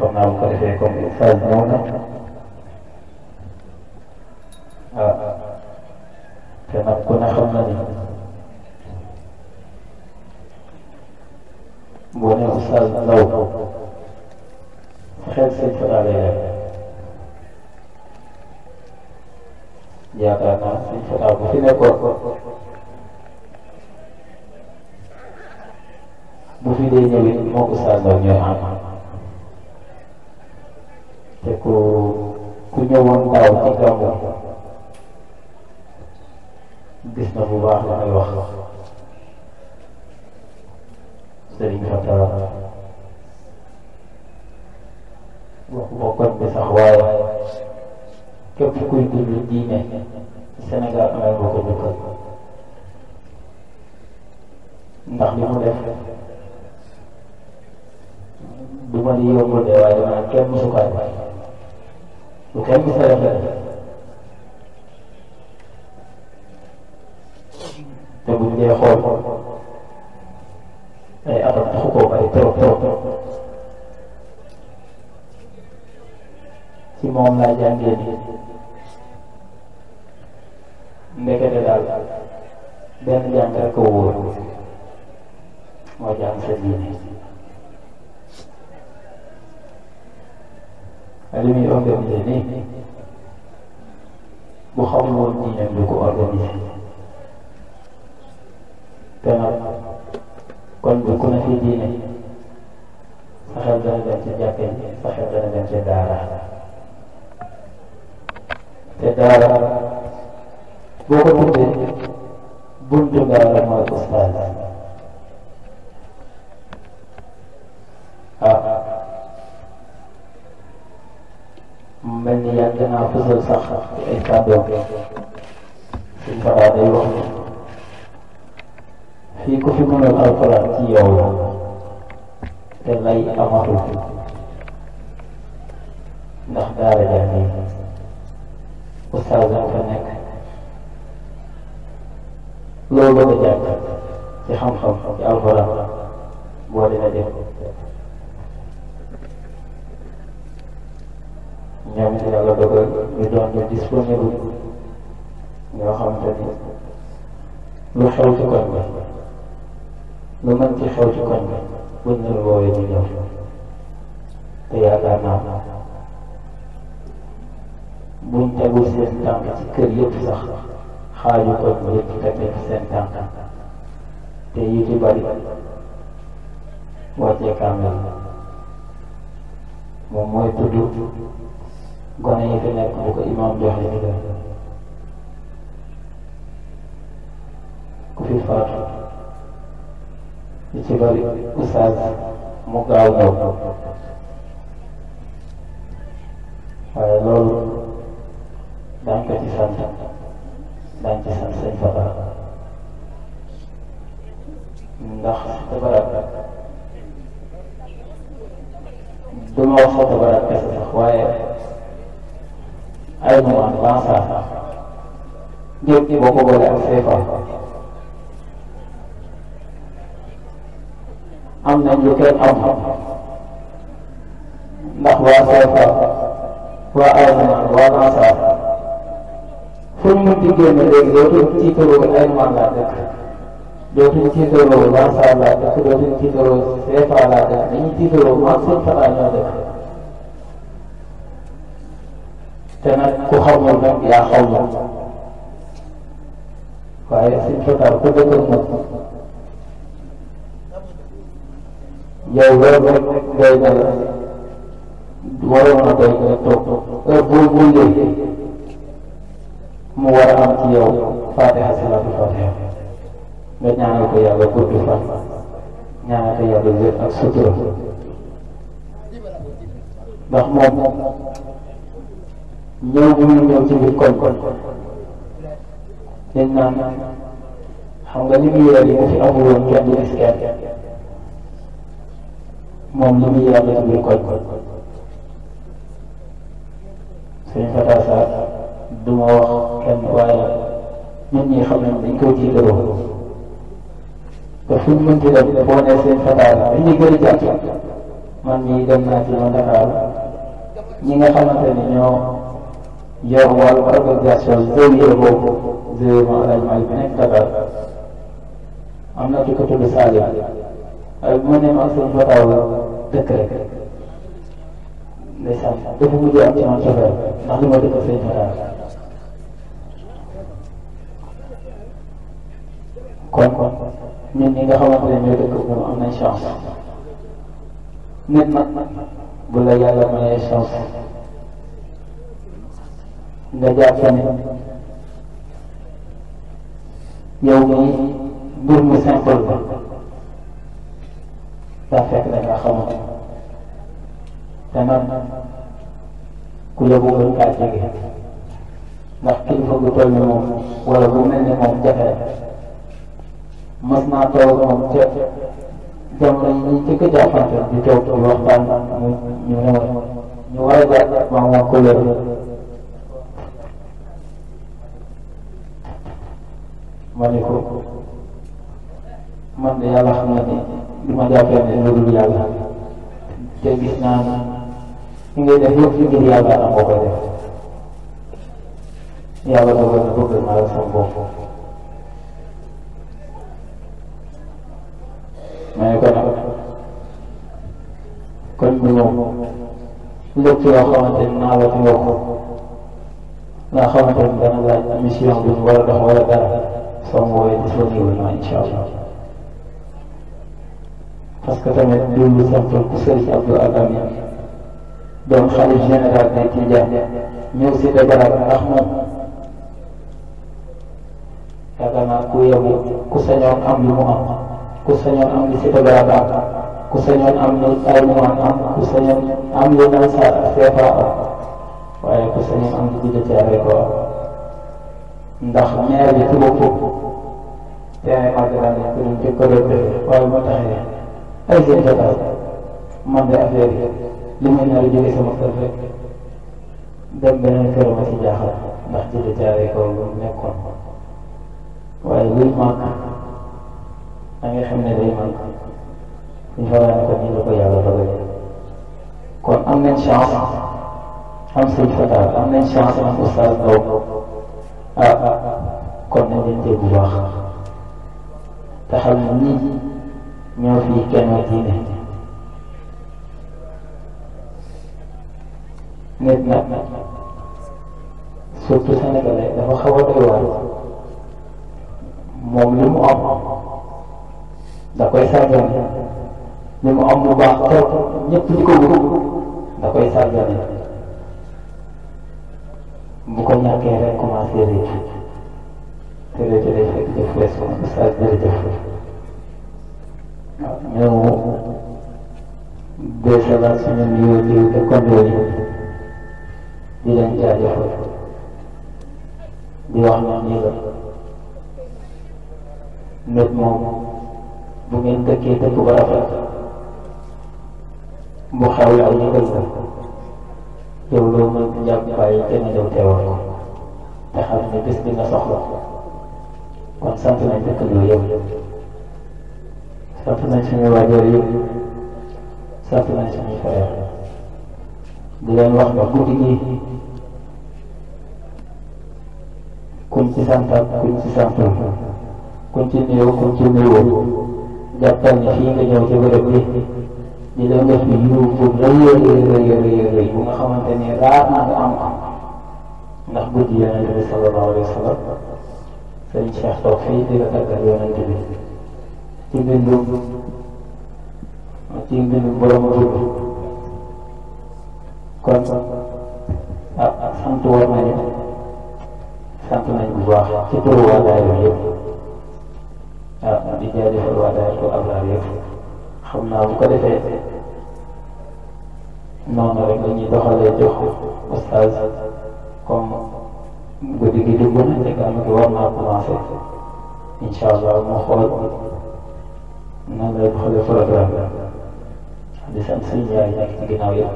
kon naa bu ko defee comme oustaz ñëw na ah te nag ku ne xam na ni boo nee oustaz Ndaw xel sëñ Fada lay def yaakaar naa sëñ Fada bu fi nekkoon bu fi dee ñëwee moo oustaz Ndaw ñooy am te ku ku ñëwoon daaw ci gàmmu gis na bu baax la may wax sëriñ Fata waxuma kon bi sax waaye képp kuy dund diine oustaz moo fa nekk loolu bëgg a jàng ci xam-xam ci alxuraan boo demee dañuy tiitaroo moom seen tabaay ñoo def te nag ku xamul nag yaa xamul waaye suñ fataar ku dëkk ak moom yow loolu rek doy na la waroon na doy nga toog heure boo mu war a am ci yow fatiha salatu fatiha nga ñaanal ko yàlla gudd fan ñaanal ko yàlla wér ak sutura ndax moom ñëw bu ñu ñëw ci biir koñ koñ dañ naan xam nga li muy yàlla yi mu fi amul woon kenn du gis kenn moom li muy yàlla ci biir koñ koñ sëñ Fatou Sarr du ma kenn waaye nit ñi xam nañ dañ ko jiitaloo te fu ñu mënti dem boo nee seen fataar bi ñu gën a jàpp man mii dem naa ci loolu Dakar ñi nga xamante ne ñoo yor wàllu organisation zawiya boobu zawiya ma alal maay bi nekk Dakar am na ci ko tudd Salim waaye bu ma nee ma ak seen fataar la dëkk rek ndeysaan dafa mujj am ci man cofeel ndax li ma dëkk seen fataar kon kon ñun ñi nga xamante ne ñooy dëkk ñoom am nañ chance nit nag bu la yàlla mayee chance nga jàpp ne yow mii mbir mu simple ba daa fekk da nga xamante te nag ku la bëggoon kaa jege ndax kilifa gu toll ni moom wala bu mel ni moom jafe mas naa toog moom ca jamono yi ñuy jëkk a jàppante di toog di waxtaan ñu ñu ne ma ñu war a jàpp maa ma ko lëre ma ne ko man de yàlla xam na ne ma jàppee ne lu dul yàlla te gis naa ne ngay def yëpp ngir yàlla na ko koy def yàlla dogal na bëgg naa la sama waaye kon nag kon ñu lépp loo xamante ni naa la fi wax loo xamante ni dana laaj mission bi mu war a dox wala dara soo mu woowee disponible na incha allah parce que tamit loolu simple ku Serigne Abdou Adam doon xalif général day Tijaan ñëw si dajaraat ndax moom yaakaar naa ku yebu ku sañoon am lu mu am. ku sañoon am li Cité Baraba am ku sañoon am li Alimane am ku sañoon am li Nansar CFA am waaye ku sañoon am li Djiddah Thiaroye Kao ndax maire bi ci boppam terrain Maguette lañ ko doon jëkkaloo def waaye moo tax ne ay seen jotaay man de affaire bi li may nar a sama kër rek dem beneen kër ma ci jaaxal ndax Djiddah Thiaroye Kao nekkoon waaye luy màgg. da ngay ne day man ñu faral ko nii la ko yàlla dogal kon am nañ chance am sëñ Fatal am nañ chance am oustaz Ndaw ah kon nañ leen tey bu baax te xam ne ñii ñoo fi kenn diine nit nag surtout sénégalais dafa xaw a doy waar moom li mu am da koy sàggan li mu am lu baax trop ñëpp di ko wut da koy sàggane bu ko ñàkkee rek commencé réccu te réccu day fekk def wees ko oustaz jërëjëf ñëw deesalaat suñu nuyoo di dëkkandoo yi di leen jaajëfal di wax na nii la nit moom bu ngeen dëkkee dëkk bu rafet bu xew la ñu koy def yow loo mën ñàkk bàyyi te ñu dem teewal ko te xam ne bés dina soxla kon sant nañ dëkk bi yow sant nañ suñu waajur yi sant nañ suñu frère di leen wax ba guddi gi kuñ ci santaat kuñ ci santaat kuñ ci nuyoo kuñ ci nuyoo jàppal ni fii nga ñëw ci bërëb di la def bi yiw bu rëy rëy rëy rëy bu nga xamante ni raar am am ndax guddi yonent bi sallallahu alayhi wa sallam sëriñ Cheikh toog fii di la tàggal yonent bi ci bindu ci bindu borom ruub kon ah sant war nañu sant nañu bu baax ci turu waa daayira yëpp waaw ah, di jaajëfal waa Dahiratoul Abrahar yëpp xam naa bu ko defee noonu rek la ñuy doxalee jox oustaz comme guddi gi dugg na te gàmm gi war naa commencé incha allah mu xool nan lay doxalee programme di sant suñu yaay yi nekk ci ginnaaw yëpp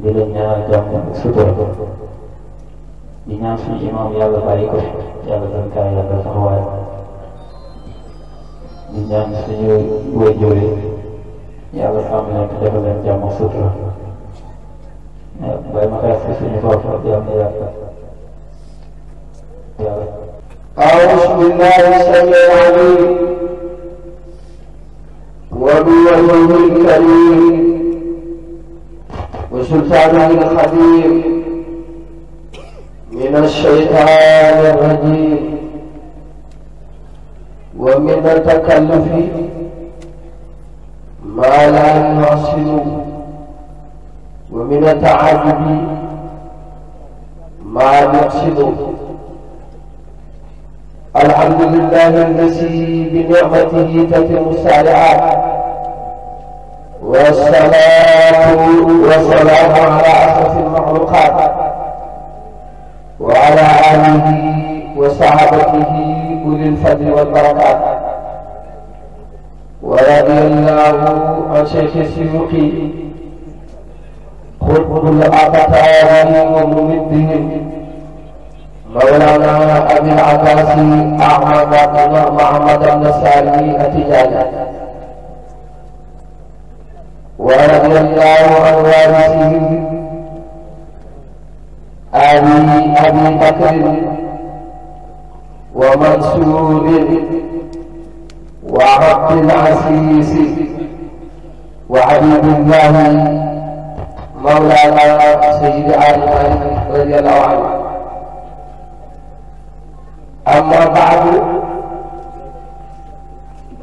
di leen ñaanal jàmm sutura ko di ñaan suñu imam yàlla bàyyi ko fi yàlla dal kaay yàlla taxawaay di ñaan suñu waajur yi yàlla sàmm leen te defal leen jàmm ak sutura bàyyi ma xeex si suñu bopp yàlla na yàlla yàlla أعوذ بالله السميع العليم وبوجهه الكريم وسلطانه الخبير من الشيطان الرجيم ومن التكلف ما لا يحسن ومن التعجب ما يحسن الحمد لله الذي بنعمته تتم السالعات والصلاة والسلام على أشرف المخلوقات وعلى آله وصحابته أولي الفضل والبركات ورضي الله عن شيخ السيوطي خطب الأبطال وممدهم مولانا أبي العباس أحمد بن محمد النسائي التجاري ورضي الله عن وارثه أبي أبي بكر ومنصور وعبد العزيز وحبيب الله مولانا سيد علي مالك رضي الله عنه أما بعد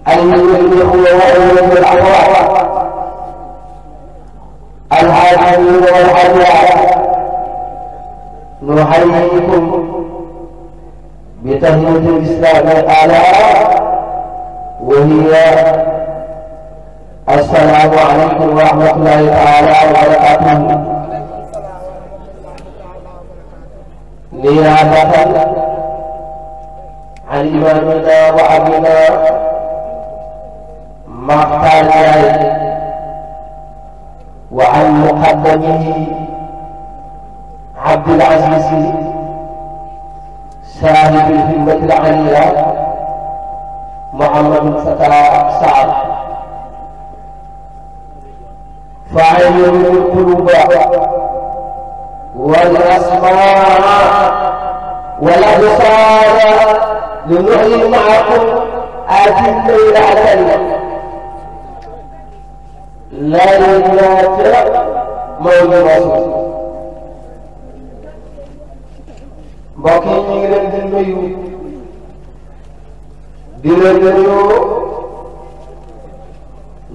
أيها الإخوة وأولاد الأخوات الحاجين والحاجات نحييكم بتهيئة الإسلام الأعلى وهي السلام عليكم ورحمة الله تعالى وبركاته نيابة عن إمامنا وأبينا مختار جاي وعن مقدمه عبد العزيز سالم الهمة العليا محمد فتاة سعد فعين القلوب والأسماء والأبصار لنحيي معكم هذه الليلة ليلة مولد رسول mbokk yi ñu ngi leen di nuyu di leen nuyu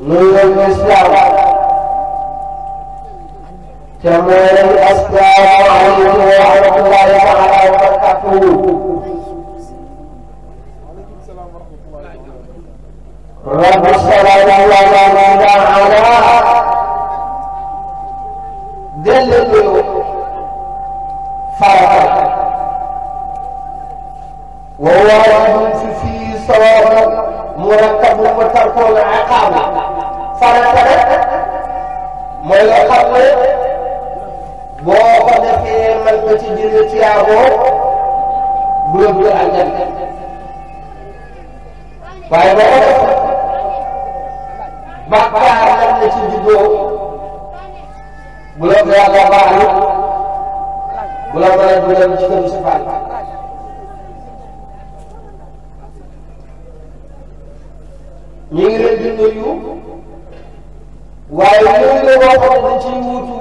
nuyoo lislaam te mooy assalaamu aleykum wa rahmatullaahi taala wa barakaatuhu rabbi salaam lam tarkul iqaama farata rek mooy nga xam ne boo ko defee mën nga ci jëlee tiyaaboo bu la dugal aljanna waaye boo ko def bàkkaar lan la ci juddoo bu la ko yàlla baalu bu la mën a dugal ci kër safaan ñu ngi leen di nuyu waaye nuyu la boo xam ne ciy wuutu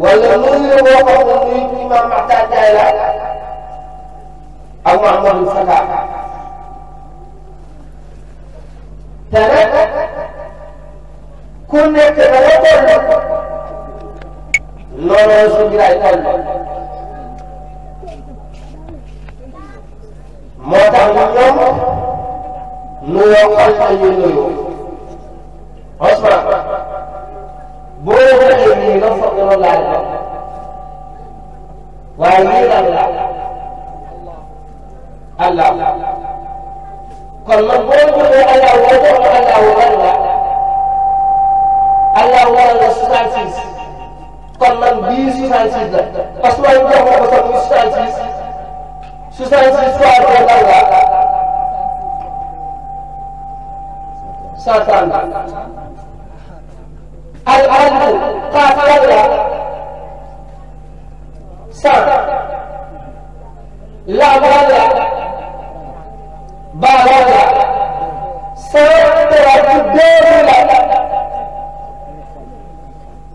wala nuyu la boo xam ne nuyu imaam Maxtaar Jaay la ak Mahamadou Fata te nag ku nekk da nga toll noonu la suñu jiraay toll moo tax ñoom nuyoo xol nañuy nuyoo xosra boo waxee nii nga foog loolu laaj la waaye lan la allah kon man boo jógee allah woo allah waral la allah waral kon man bii 66 la parce que man jox ma ko sax muy 66 66 fois allah satan al-ardu qafala san la wala ba wala sawtara doola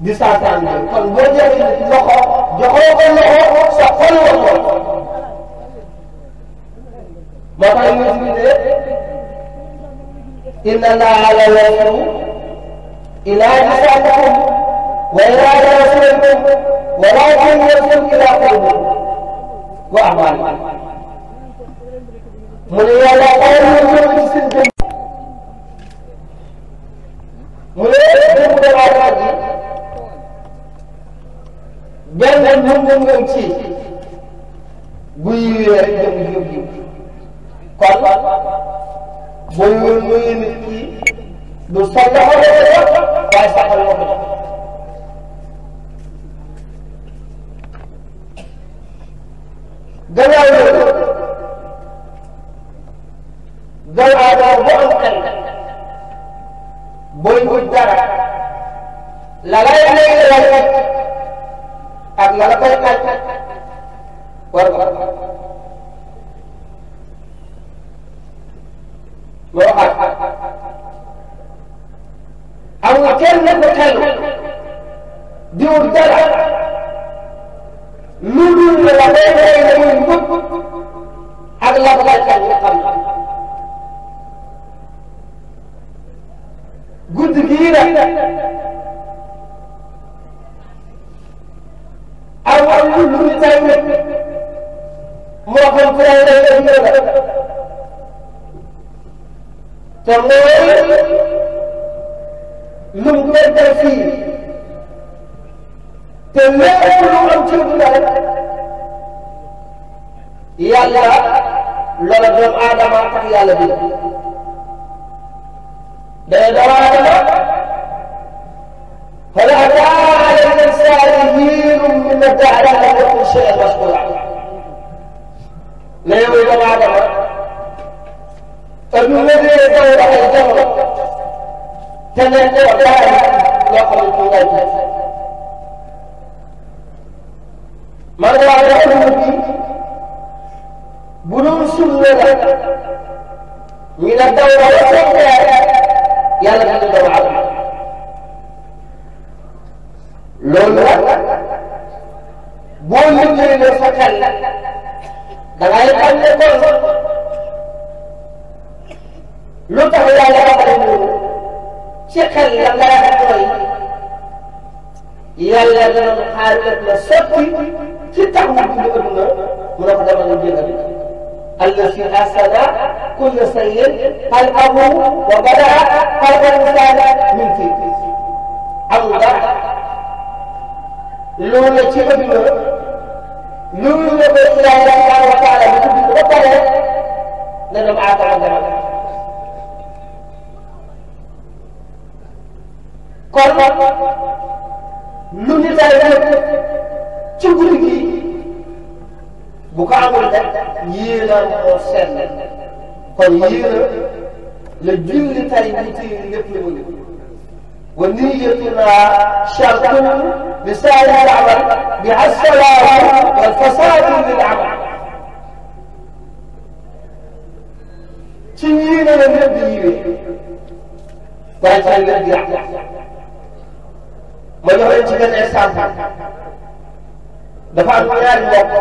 di satan kon boo jëlee loxo joxoo ko loxo sa xol la ko moo tax ñu tuddee إن الله لا ينظر إلى نسائكم وإلى رسولكم ولكن ينظر إلى قلوبكم وأعمالكم mu ne yàlla xayma ñu ngi ci seen jëm mu ne jëm doomu aadama ji benn njëngëm nga ci bu yiwee rek jëm yiw yiw kon mooy woon mooy yéeme kii du soxla waaye saxal ko لإضاءتها فلأتى على الإنسان هين من ادعى لا يكون شيئا مشكورا لا يريد بعدها فابن الذي يدور على الجمر تنزع دائما يخرج إليه من لا يعلم بنوس لنا من الدورة وسنة yàlla bind doomu aadama loolu nag boo liggéey ne sa xel da ngay xam ne kon lu tax yàlla rafetlu noonu ci xel la nga rafetloo yàlla dana xaar lépp la sotti ci tax mu bind adduna mu ne ko dama la jël adduna allati asana كل سيء خلقه وبدا خلق الانسان من فيه الله لولا تشيخ بن لولا بإذن الله سبحانه وتعالى بكل بطل لأنه معك عندنا kon lu nit a def ci guddi gi bu ko amul def yéena moo sell kon yéen a la julli tay bi téye lépp la mu ngi wa niyatuna shartun bi saari amal bi assalaamu wal fasaadu lil amal ci yéene la lépp di yiwee waaye tay lépp di ma jox leen ci benn exemple dafa am ñaari mbokk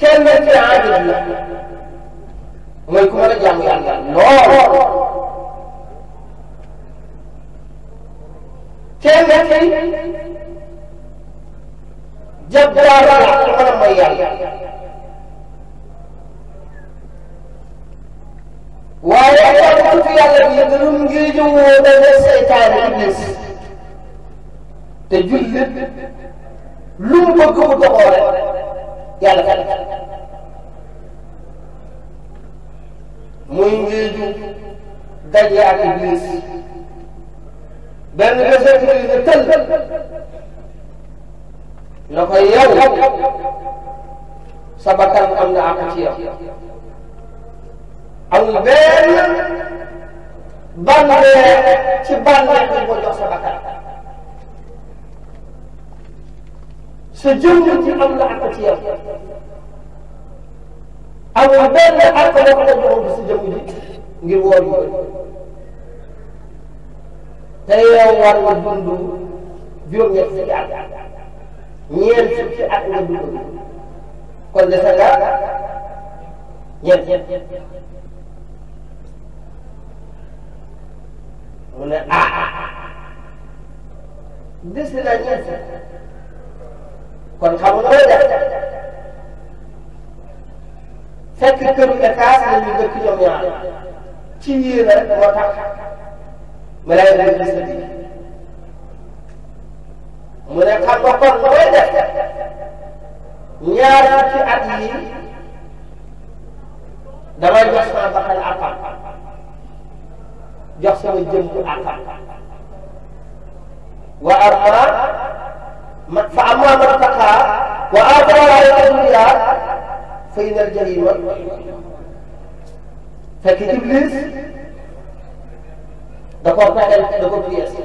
kenn ci aajal la mooy ku mën a jaamu yàlla lool kenn ci jabbaar la ku mën a mooy yàlla waaye ak ci yàlla bi gërum ngi jëwoo dana seytaane iblis te jullit lu mu bëgg mu doxoo yàlla kat muy njiiju daje ak iblis benn bés bu ñu tël na ko yow sa bakkan am na àq ci yow benn bànneex ci bànneex bi ko jox sa sa jëmm ci am nga àq ci yow amul benn àq boo xam ne joxoon bi sa jëmm ji ngir woor yi te yow war ñett fukki at ñeent fukki at nga dund kon dese nga ñeent mu ah, kon xamul koy def fekk kër étage la ñu dëkk ñoom ñaar ci yéen rek moo tax mu lay lay gis mu ne xam nga kon koy def ñaar ci at yi damay jox sama bakkan àppam jox sama jëm bu àppam wa arma fa amma man taqaa wa aatara raayata dunya fa inna al jarima fekk Iblis da koo pexeel da ko pièce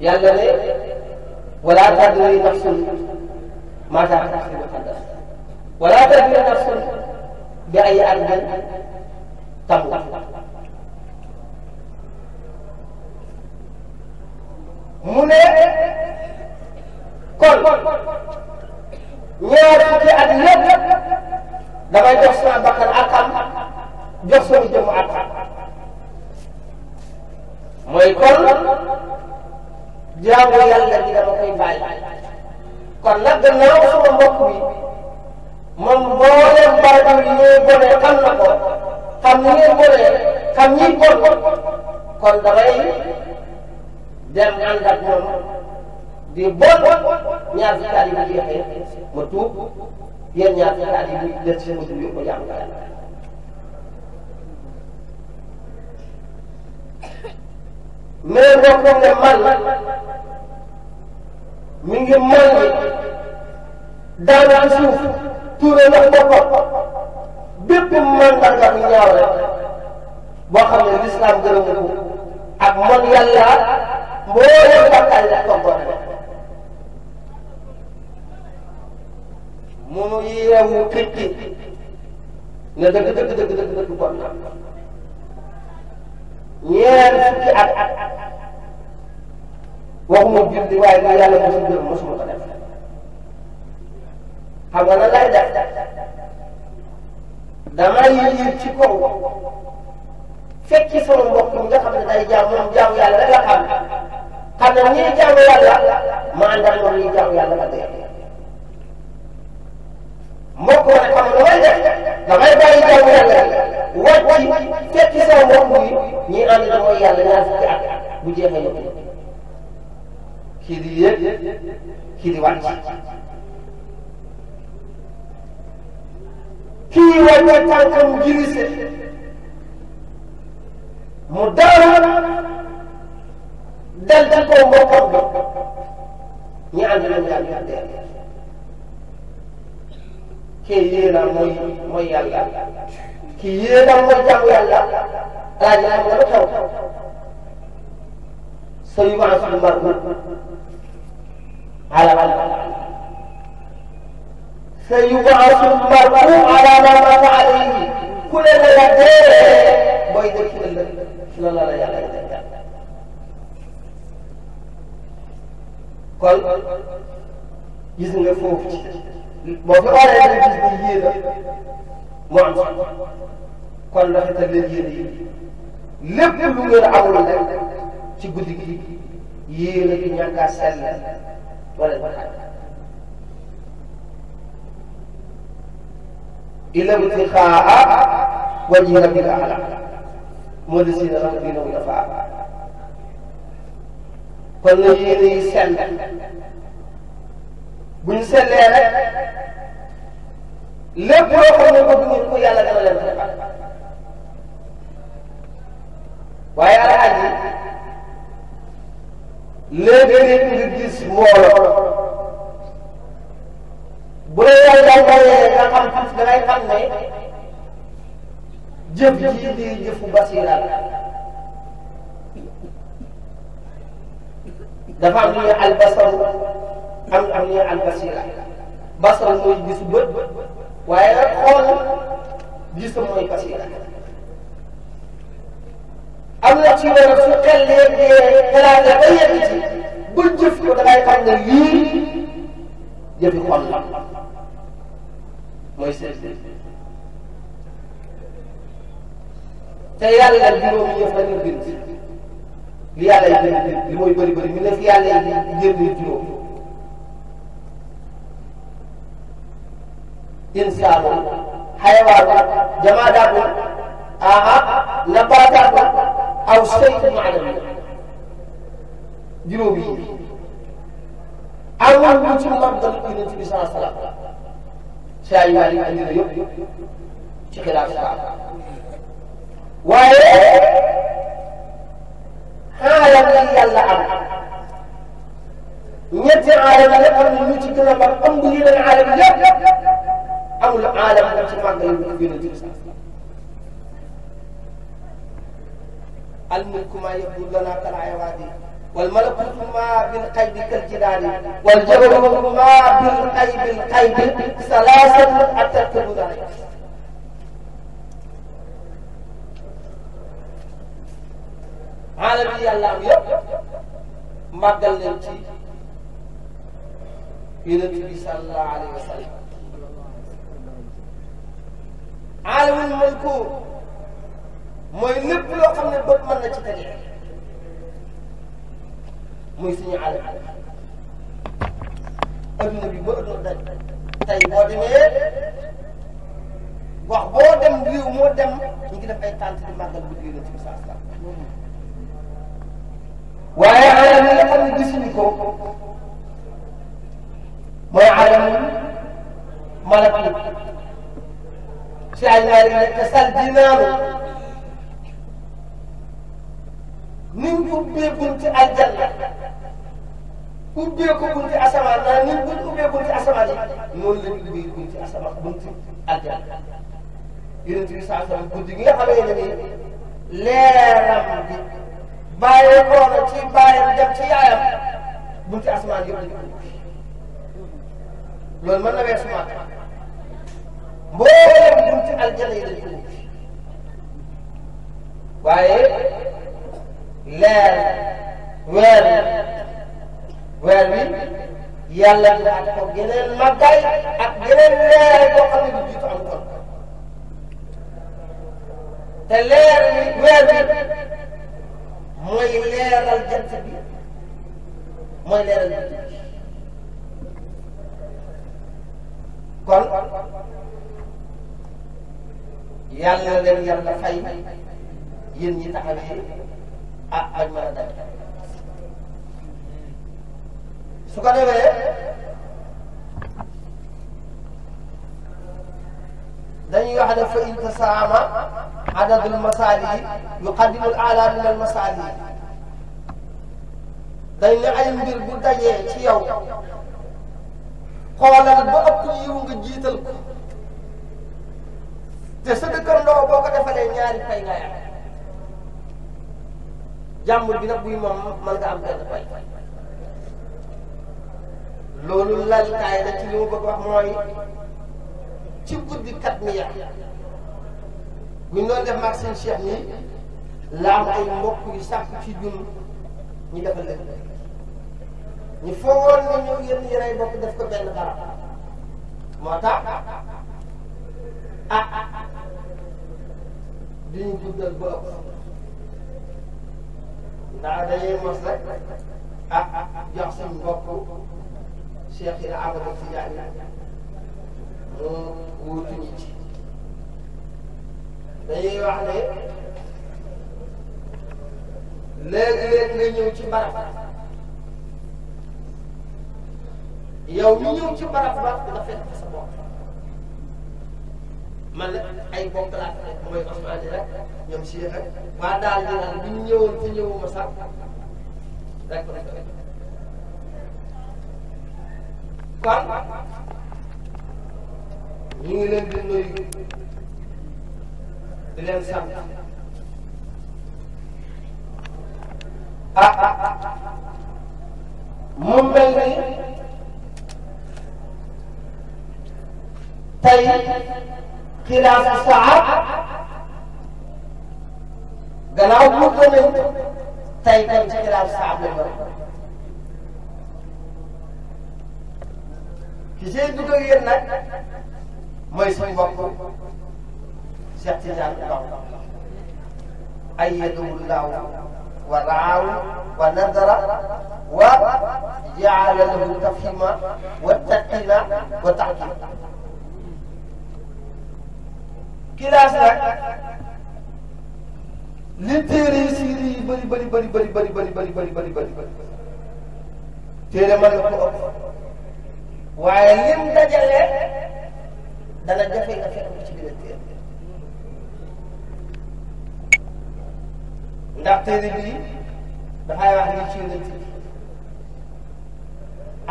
yàlla ne wala tadri nafsun maa taxdau xadda wala tadri nafsun بأي عين تموت mu ne kon ñaar fukki at yëpp damay jox sama bakkan akam jox sama jëmm akam mooy kon jaamu yàlla gi dama koy bàyyi kon nag gannaaw sama mbokk bi. moom mboolem barabam yi ñuy bonee xam na ko xam ni ñuy bonee xam ñiy bon kon damay dem ànd ak moom di bon ñaar fukki at yi bu jeexee ma tuub yéen ñaar fukki at yi bu des ma tuub yëpp ma man mi ngi suuf. Touré wax na ko bépp mandarga bu ñaaw rek boo xam ne lislaam gërëmu ko ak man yàlla mbooleem bàkkaar yi tontoon mu yeewu picc ne dëgg dëgg dëgg dëgg dëgg bon na ñeent fukki at waxuma julli waaye na yàlla mosul gërëm mosuma ko def xam nga lan lay def damay yéeg ci kaw fekki sama day jaam moom jaamu yàlla rek la xam xam na ñii ma àndal moom ñii jaamu yàlla la dee mbokk ma ne xam nga damay def damay bàyyi jaamu yàlla wàcc fekki sama mbokk mi ñii ànd na mooy yàlla ñaar fukki at bu jeexee ñu kii di yéeg kii kii wàññi tànkam jirise mu daara dal dal ko mbokkam bi ñu ànd nañ daal di deel kii yéena mooy mooy yàlla kii yéena mooy jàng yàlla laaj naa nga la taw sëñ bi maanaam suñu mar ala ala سيبعث المرء على ما مات عليه كل ما يدعي بوي ديك لا لا لا يلا kon gis nga foofu boo fi xoolee ne gis nga yéen a mu am kon rafetal leen yéen yi lépp lu ngeen amul rek ci guddi gi yéen a ngi ñàkk a sell wala illa btixaa wajhi rabbika ala moo di si dafa bii noonu dafa am kon na yéene yi sell bu ñu sellee rek lépp loo xam ne bëgg ngeen ko yàlla dana leen ko defal waaye alaaji léeg-léeg nga gis mbooloo bu la yàlla mayee nga xam xam da ngay ne jëf ji di jëfu basira dafa am lu ñuy albasaru am am lu ñuy albasira basar mooy gisu bët waaye nag xool na ci loolu su xel leen di xalaat la ba yegg ci ba jëf ko ne lii jëfi xol la mooy seet te yàlla juróomi yëf la ñu bind li yàlla yi bind bind li mooy bëri bëri ñu def yàlla yi jënd juróom insaanun xayawaanun jamaadaatun aha nabaataatun aw shay'un ma'nawi juróom yi amul lu ci mën dal ko yonent bi sallallahu alayhi wa saa yu wàllu andi na yëpp ci xilaaf saab waaye xaaral yi yàlla am ñetti aalam yi nga xam ne ñu ci gën a mag ëmb yeneen aalam yëpp amul aalam bu ci màggal bu gën a jëm sax al mulku maa yabdu lana kal hayawaati wal malakut ma bil qaybi kal jidaani wal jabaru ma bil qaybi qaybi salaasatu atta tëbu dara xaaral bi yàlla am yëpp màggal leen ci yonent bi sallallahu alayhi wa sallam aalamul mulku mooy lépp loo xam ne bët mën na ci tege muy suñu alal adduna bi moo doon daj tey boo demee wax boo dem réew moo dem ñu ngi def ay tànt di màggal bu biir ci saa saa waaye alal yi nga xam ne gisuñu ko mooy alamu malak yi si ay ñaari nekk sal dinaanu niñ ubbee bunti aljanna ubbee ko bunti asamaan naan niñ buñ bunti asamaan yi noonu lañ bunti asamaan bunti aljanna yonent bi saa sallam guddi gi nga xamee ne ni leeram bi bàyyi koo na ci bàyyam yaayam bunti asamaan yëpp dañu ubbi loolu mën na weesu bunti aljanna yi dañu waaye leer weer weer wi yàlla dina am ko yeneen màggaay ak yeneen leer yoo xam ne du jiitu am kon te leer wi weer wi mooy leeral jant bi mooy leeral jant bi kon yàlla leen yàlla fay yéen ñi taxawee ah ak mën su ko defee dañuy wax ne fa in tasaama adadul masaali yuqaddimu al ala min al masaali dañ ne ay mbir bu dajee ci yow xoolal ba ëpp yiw nga jiital te sa dëkkandoo boo ko defalee ñaari fay jàmbur bi nag buy moom mën nga am benn pay loolu laltaay la ci li mu bëgg wax mooy ci guddi kat mi yàq bu ñu doon def maag seen cheikh nii la am ay mbokk yu sàkk ci ñun ñu defal leen ñu foogoon ne ñëw yéen ko benn barab moo tax ah duñu dugal ba ndax dañuy mos rek ah, ah, ah jox suñu mbokku Cheikh yi Ahmad Tidiane mu wuutu ñu ci dañuy wax ne léeg-léeg nga ñëw ci barab yow ñu ñëw ci barab ba nga fekk sa bopp. man nag ay bokk laa mooy Ousmane rek ñoom si rek daal ñu naan bu ñu ñëwoon fi ñëwuma sax rek rek rek kon ñu ngi ah, mu mel ni tey. xilaas saab gannaaw bu gëmee tey tam ci xilaas saab la ñu ki see dugg ak yéen nag mooy suñu mbokk Cheikh Tidiane Ndao ayyadahullahu wa raawu wa nadara wa jaala lahu tafhima wa taqina wa taata kilaas nag li téere na ko ëpp waaye lim dajale dana jafe nga fekk ci ni ci yonent bi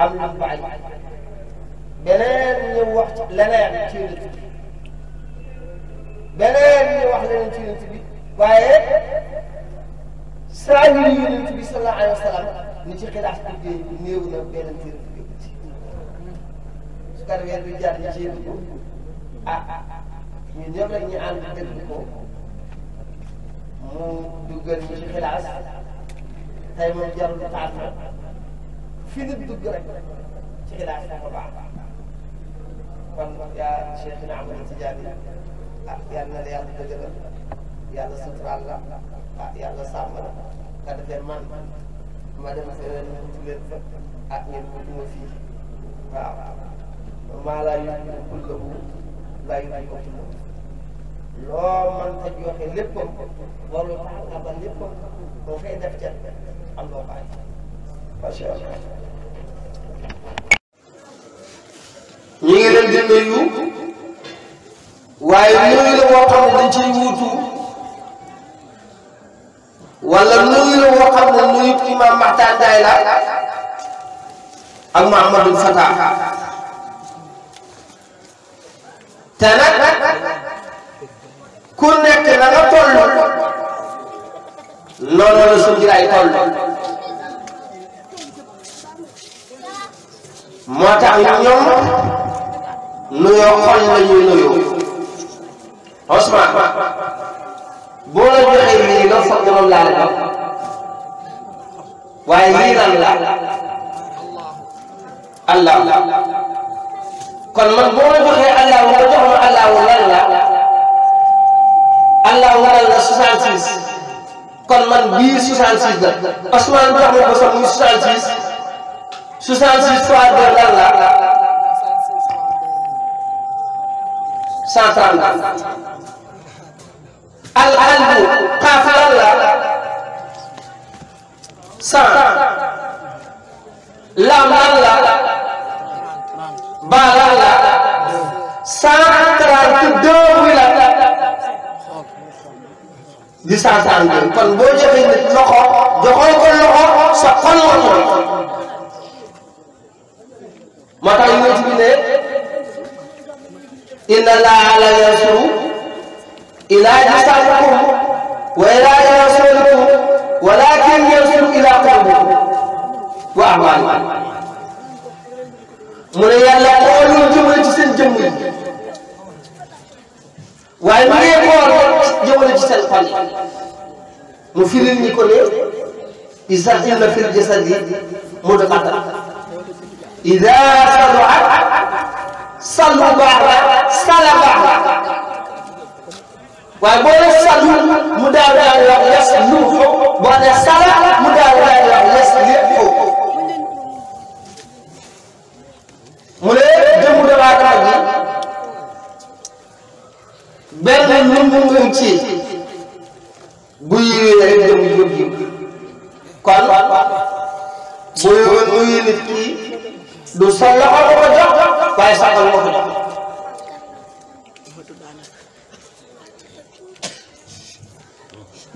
am lu bàyyi beneen ñëw wax leneen ci beneen ñu wax leneen ci yonent saa yu yonent bi sallallahu alayhi wa ni ci xilaas bi néew na beneen téere bi yóbbu ci su ko defee du jaar ñu jéem ko ah ñun ñëpp rek ñu ànd déglu ko mu duggal ñu ci xilaas tey moom jarul taal na fi nit dugg rek ci xilaas bi ko baax kon yaa Cheikh Ahmad a ah, yàlla na la yàlla dëgëral yàlla la ah yàlla sàmm la nga man ma dem feneen wuti leen fa ah ngeen wuti ma fii waaw maa laa yóbbu kullahu laa yóbbu ko kullahu loo mën ta joxe léppam warul tax nga ba léppam boo koy def ca am loo bàyyi macha allah ñu ngi leen waaye nuyu la woo xam ne dañ ciy wuutu wala nuyu la woo xam ne nuyu imaam Maxtaan Daay la ak Mahamadul Fata te nag ku nekk na nga toll noonu la suñu jiraay toll moo tax ñoom nuyoo xol la ñuy nuyoo. Osman boo la joxee lii la allah kon man boo la joxee allah nga jox ma allah lan la allah lan kon man bii 66 la Osman jox ma ko sax muy 66 66 fois deux lan cent al albu xaafaral la cent laam lan la baa lan la cent trente deux wi di cent trente deux kon boo joxee nit loxo ko loxo sa xol la moom moo tax inna allaha la yanzuru ila nisaikum wa ila rasulikum walakin yanzuru ila qulubikum wa amalikum mu ne yàlla xoolul jëmale ci seen jëmm yi waaye mu ngi xool jëmale ci seen xol yi mu firil ñi ko ne iza inna fil jasadi mudghatan iza saluhat sallu baax sala baax la waaye boo mu daal daal la les lu sala mu daal daal la les lépp mu ne jëmu damaa tax gi benn lum ci bu yiwee rek jëm jóg kon bu yiwee nit ki du sa loxo ko ko jox waaye sàngal moo ko jox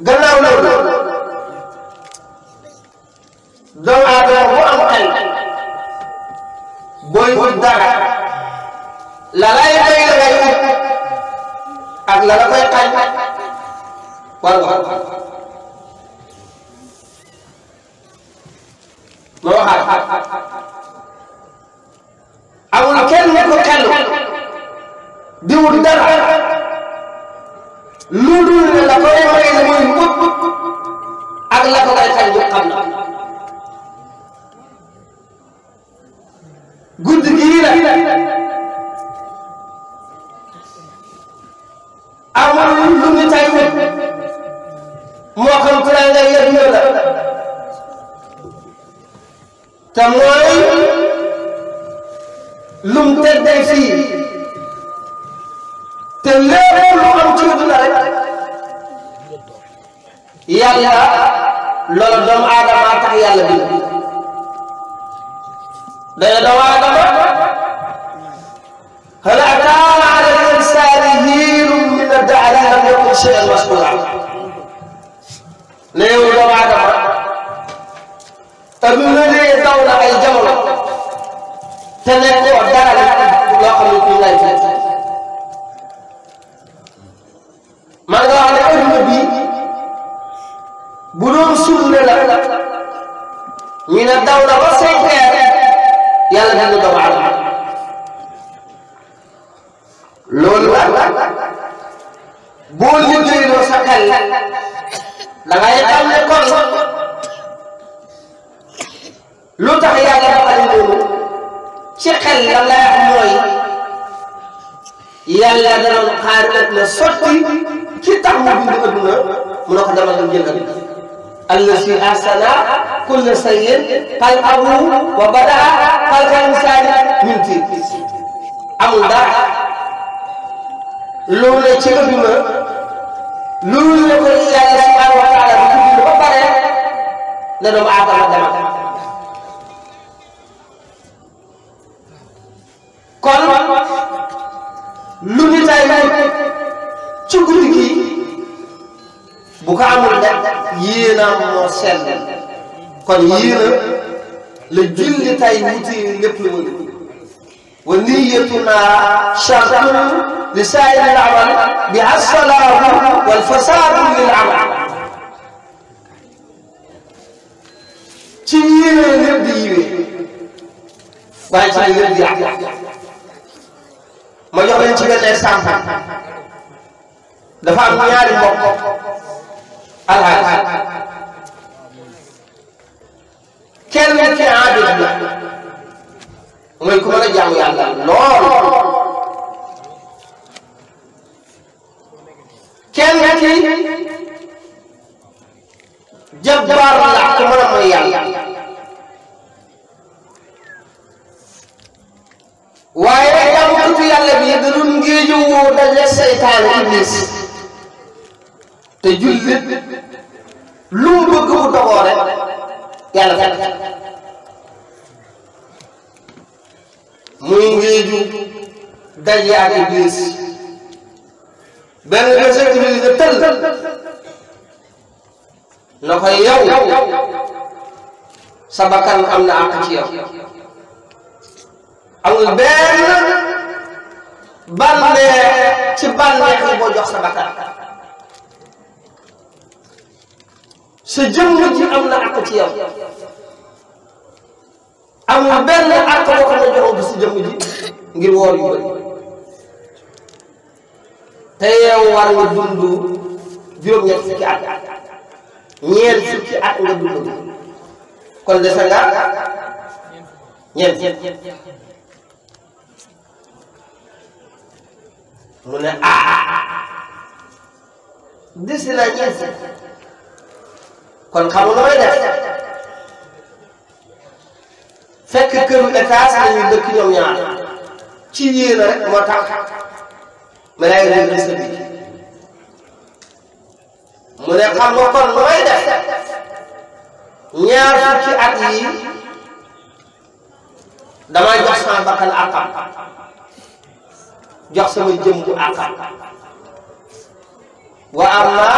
gannaaw loolu doomu aadama bu am xel booy wut dara la lay doy la ngay wut ak la la koy xañ war nga ma waxaat amul kenn ku kenn di wut dara lu dul la koy may mooy mbëb ak la ko tey fii te lépp lu am ci dund rek yàlla loolu doomu aadama tax yàlla bi dana doomu aadama hal ataa ala al-insaani hiinun mina ad-dahri lam yakun shay'an mashkuuraa junni la ñu ne daw na ba cinq heures yàlla dina doomu aadama loolu la boo kon lu tax yàlla defal loolu ci xel la lay wax mooy yàlla dana xaar ëpp ci tax mu bind adduna mu ne ko demal dem allazi ahsana kulla shay'in xalqahu wa bada'a xalqa insaani min tiin amul dara la ci ëpp ma loolu la ko yàlla subhanahu wa taala bi bind ba pare la doomu aadama dama kon lu ñu tay ci guddi gi bu ko amul moo sell kon yéena la julli tay wuti lépp lu wëlu wa niyatuna shartun li saa'iri al bi as wal fasaadu lil amal ci yéene lépp di yiwee waaye ci lépp di ma jox leen ci benn exemple dafa am ñaari mbokk alxaaj kenn ci aabid la mooy ku mën a jaamu yàlla lool kenn ci jabbaar la ku mën a mooy yàlla waaye jaamukatu yàlla bi da doon ngéejowoo dale seytaan iblis te jullit lu mu bëgg mu dogoo rek yàlla fekk muy wéeju daje ak iblis benn bés ak iblis da tël na ko yow sa am na àq ci yow amul benn bànneex ci bànneex yi boo jox sa sa jëmm ji am na àq ci yow amul benn àq boo xam ne joxoon ko sa jëmm ji ngir woor yu bëri te yow war nga dund juróom-ñett fukki at ñeent fukki at nga dund kon dese nga ñeent mu ne ah ah ah, ah. dese naa ñeent kon xamul lu may def fekk këru étage dañuy dëkk ñoom ñaar ci yéen rek moo tax lay réglé sa bi mu ne xam nga kon def ñaar fukki at yi damay jox sama bakkan àqam jox sama jëm bu wa amma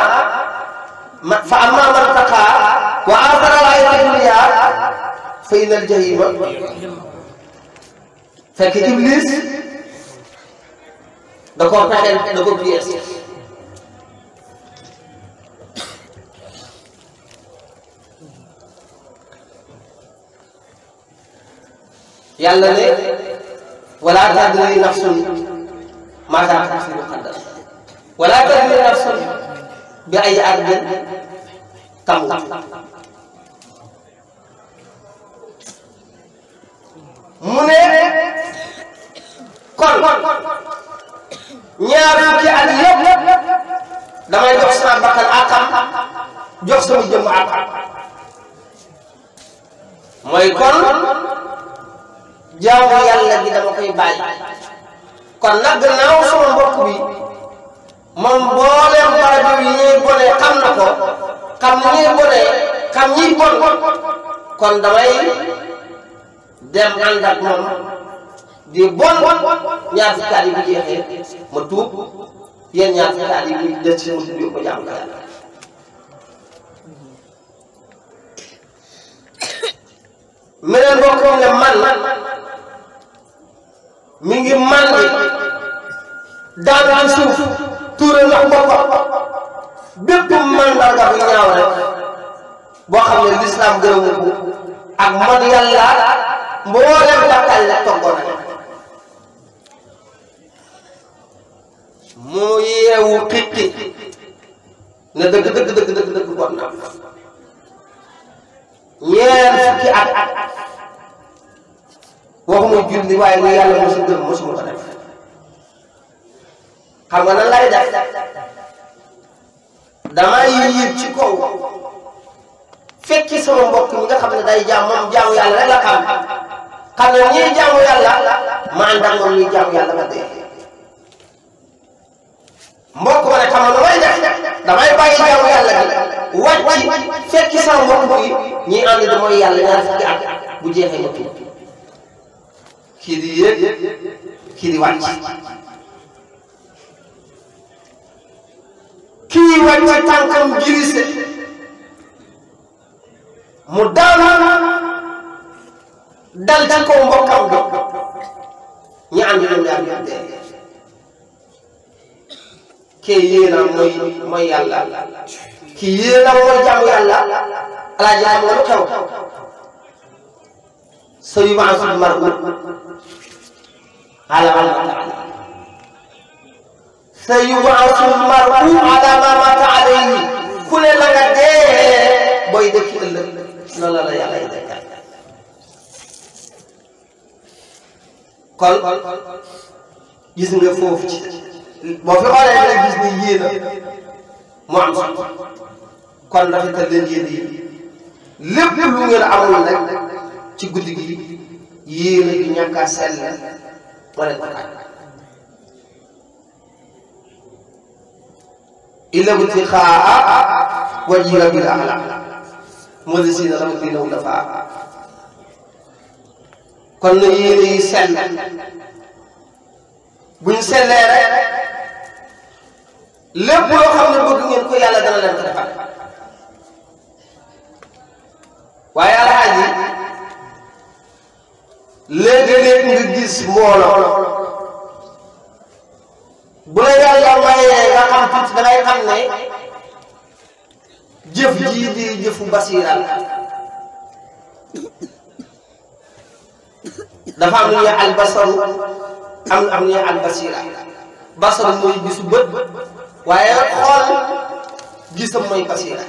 fa ammaa man taqaa wa aasara al-hayaata ad-dunyaa fa inna al-jahiima fekk Iblis da koo taxee da ko pièce yàlla ne wala tadri nafsun maa daa fi muqaddas wala tadri nafsun بأي أرض تموت من كل ñaar fukki at yëpp damay jox sama bakkan akam jox sama jëmm akam mooy kon jaamu yàlla gi dama koy bàyyi kon nag gannaaw sama mbokk bi moom mbooleem barab yi ñuy bonee xam na ko xam ni ñuy bonee xam ñiy bon kon damay dem ànd ak moom di bon ñaar fukki at ma tuub yéen ñaar fukki at yi bu des ci ma tuub ko jàmm yàlla meneen bokkoom ne man mi ngi man di daanu am suuf tuure ndox boppam bépp mandarga bu ñaaw rek boo xam ne lislaam gërëmul ko ak man yàlla mbooleem bàkkaar la toggoon mu yeewu pitti ne dëgg dëgg dëgg dëgg dëgg bon na ñeent fukki at waxuma julli waaye lu yàlla mosu gërëm mosuma ko def xam nga nan lay def damaa yéeg ci kaw fekki sama mbokk mi nga xam ne day jaam moom jaamu yàlla rek la xam xam ne ñii jaamu yàlla ma ànd ak moom ñii ma dee mbokk ma ne xam nga damay def damay bàyyi jaamu yàlla gi wàcc fekki sama mbokk bi ñii ànd da mooy yàlla ñaar fukki at bu jeexee ma kii di yéeg kii di wàcc kii wàcc tànkam girise mu daal dal ci kaw mbokkam bi ñu ànd ñu daal ñu dee kii yéenam mooy mooy yàlla kii yéenam mooy jàmm yàlla alaaji am nga lu xew sooy yubaasub mar ala te yubaasul mar'u ala ma mata alayhi ku ne la nga dee booy dëkki ëllëg loola la yàlla yi kon gis nga foofu ci boo fi xoolee gis ni yéena mu am kon rafetal leen yéen yi lépp lu ngeen amoon rek ci guddi gi yéena gi ñàkk a illa btixaa wajhi rabbil a'laa muxlisiina lahu diina hunafaa kon na yéene yi sell buñ sellee rek lépp loo xam ne bëgg ngeen ko yàlla dana leen ko defal waaye alxaaji léegi-léeg nga gis mbooloo lii di jëfu basiira dafa am lu ñuy albasaru basaru mooy gisu bët waaye xool gisam mooy basiira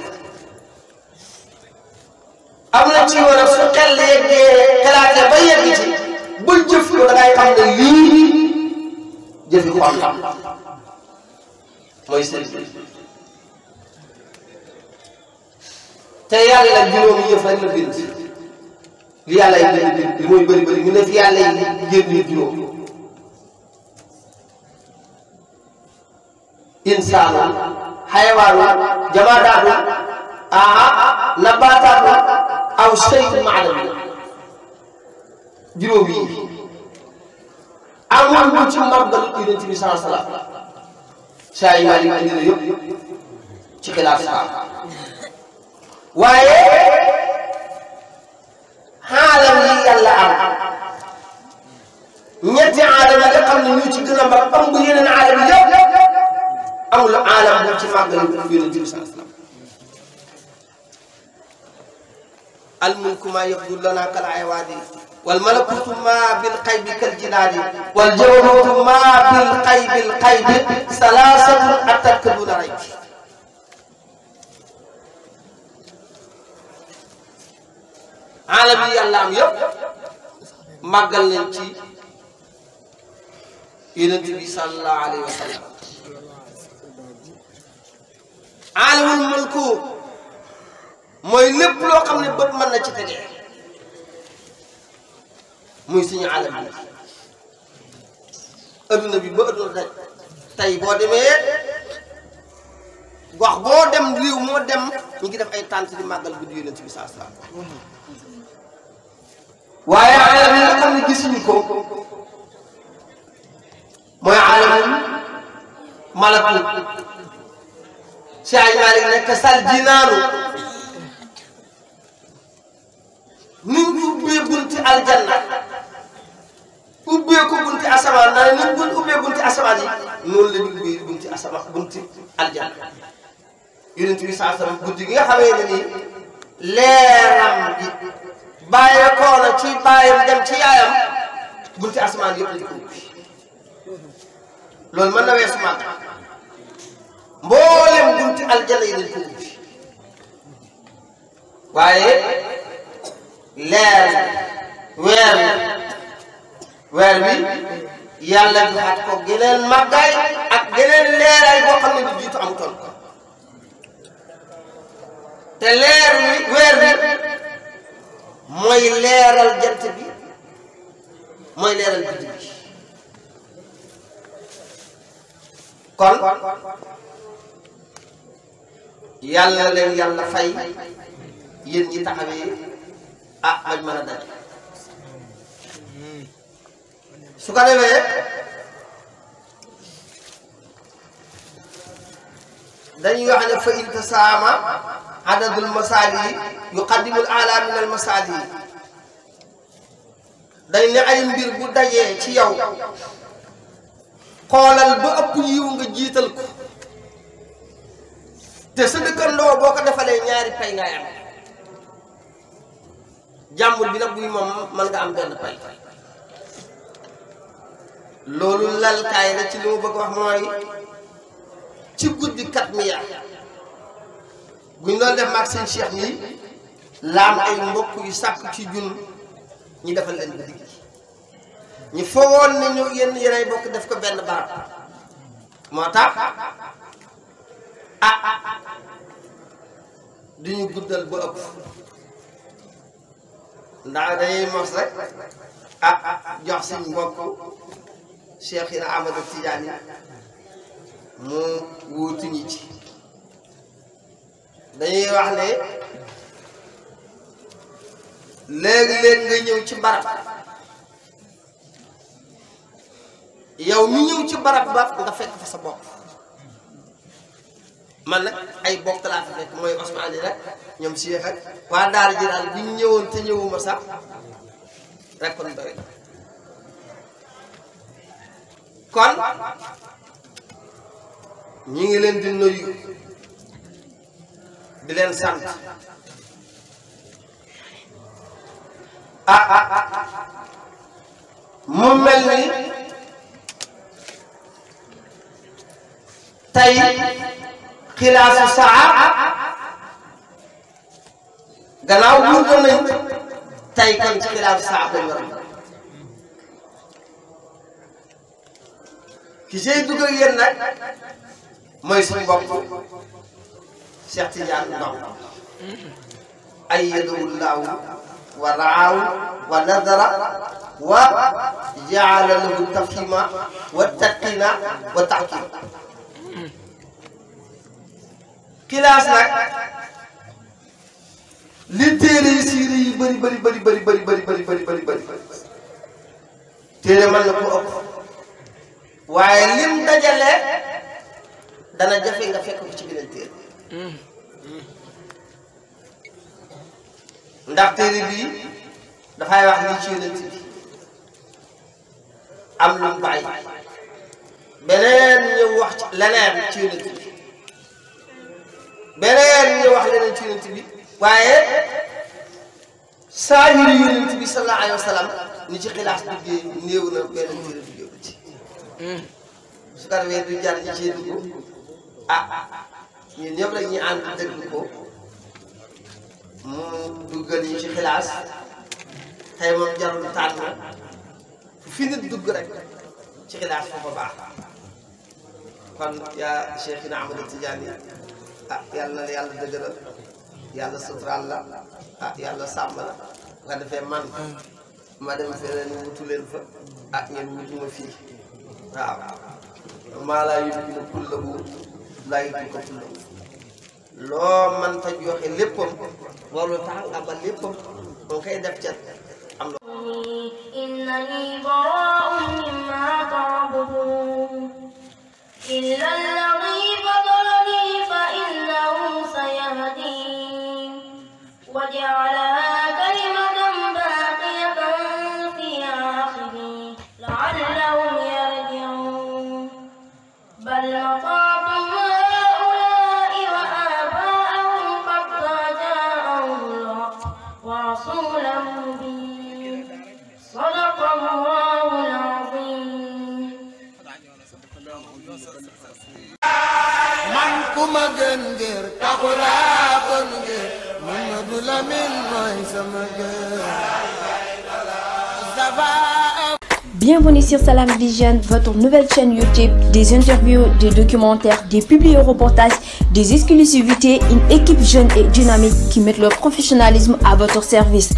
am na ci war a su xel yeggee xalaate ba yegg ci bul jëf ko da ngay xam lii jëfi xool xam mooy sëriñ te yàlla juróomi yëf rek la bind li yàlla yi bind li muy bëri bëri ñu def yàlla yi génne juróom insaanu xayawaanu jamaadaatu aa nabaataatu aw shay'un ma'dani juróom yi amul lu ci màggal yonent bi saa saa yi maa ngi indi la yëpp ci xilaaf saa waaye xaalam yi yàlla am ñetti aadama nga xam ne ñu ci gën a mag am bu yeneen aadama yëpp amul aalam bu ci màggal bu yonent bi sallallahu alayhi wa sallam al mulku maa yabdu lana kal aywaadi wal malakutu maa bil xaybi kal jinaadi wal jabarutu maa bil xaybi al xaybi salaasatun atat kaduna raybi alam yi yàlla am yëpp màggal nañ ci yonent bi sallallahu alayhi wa sallam aalamul mooy lépp loo xam ne bët man na ci tegee muy suñu alam yi na bi ba adduna daj tey boo demee gox boo dem réew moo dem ñu ngi def ay tànt di màggal guddi yonent bi sallallahu alayhi wa waaye alam yi nga xam ne gisuñu ko mooy alam malakut Cheikh Malick nekk sal jinaaru ni ñu ubbee bunti aljanna ubbee ko bunti asamaan naa ne ubbee bunti asamaan yi noonu la ñu ubbee bunti asamaan bunti aljanna yonent bi saa guddi gi nga xamee ne nii leeram gi bàyyee koo na ci bàyyam dem ci yaayam bunti asamaan yëpp lañ ko ubbi loolu na weesu màgg mboolem bunti aljana yi waaye leer weer weer wi yàlla joxaat ko geneen màggaay ak geneen leeraay boo xam ne du jiitu te leer wi weer wi mooy leeral jant bi mooy leeral biddi bi kon yàlla leen yàlla fay yéen ñi taxawee ah bañ mën a su ko defee dañuy wax ne fa in tasaama adadul masaali yuqaddimul ala min al dañ ne ay mbir bu dajee ci yow xoolal ba ëpp yiw nga jiital ko te sa dëkkandoo boo ko defalee ñaari pay ngay am jàmbur bi nag buy moom mën nga am benn pay loolu lalkaay la ci li mu bëgg wax mooy ci guddi kat miyaar buñ doon def maag seen cheikh nii laam ay mbokk yu sàkk ci jun ñu defal leen guddi gi ñu foogoon ne ñu yenn yeneen bokk def ko benn barab moo tax ah duñu guddal ba ëpp ndax dañuy mos rek ah jox suñ mbokk cheikh yi na Amadou Tidiane mu wuutu ñi ci dañuy wax ne léeg-léeg nga ñëw ci barab yow mi ñëw ci barab ba nga fekk fa sa bopp man nag ay bokk laa fi mooy Ousmane yi rek ñoom si ak waa daara ji bi ñu ñëwoon te ñëwuma sax rek kon doy kon ñi ngi leen di sant ah ah mu mel ni tey xilaasu saa gannaaw guur nañ tey kon ci xilaasu saa ko ñor ki sey dugg ak yéen mooy suñu bopp Cheikh Tidiane Ndao ayyadahu llaahu wa raahu wa nadara wa jaala lahu wa taqina wa taxkim kilaas nag li téere yi siire yi bëri bëri bëri bëri bëri bëri bëri bëri ko waaye lim dajale dana jafe nga fekk ko ci beneen téere ndax téere bii dafay wax li ci yonent bi am lu mu bàyyi beneen ñëw wax ci leneen ci yonent bi beneen ñëw wax leneen ci yonent bi waaye saa yu ni yonent bi sallallahu alayhi wa sallam ni ci xilaas duggee ci su ko ah ñun ñëpp rek ñu ànd déglu ko mu duggal ñu ci xilaas tey moom jarul tànn fi nit dugg rek ci xilaas foofa baax kon yaa Cheikhina Ahmada Tidiane ah yàlla na yàlla dëgëral yàlla suturaal la ah yàlla sàmm la nga defee man ma dem fee leen wutu leen fa ah ngeen wutuma fii waaw maa laa yumkinu kullahu lay ko tudd loo man fa joxe léppam warul tax nga ba léppam boo koy def ca am na ma gën ngir taxulaa kon votre nouvelle chaîne YouTube, des interviews, des documentaires, des publireportages, des exclusivités, une équipe jeune et dynamique qui met leur professionnalisme à votre service.